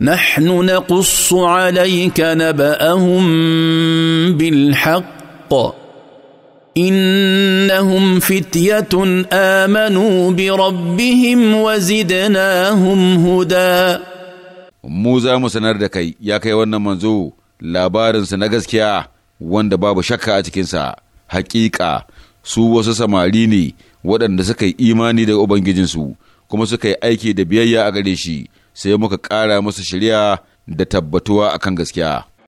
نحن نقص عليك نباهم بالحق انهم فتيه امنوا بربهم وزدناهم هدى mu za mu sanar da kai ya kai wannan manzo labarinsa na gaskiya wanda babu shakka a cikinsa hakika su wasu samari ne waɗanda suka yi imani da ubangijinsu kuma suka yi aiki da biyayya a gare shi sai muka ƙara musu shirya da tabbatuwa akan gaskiya.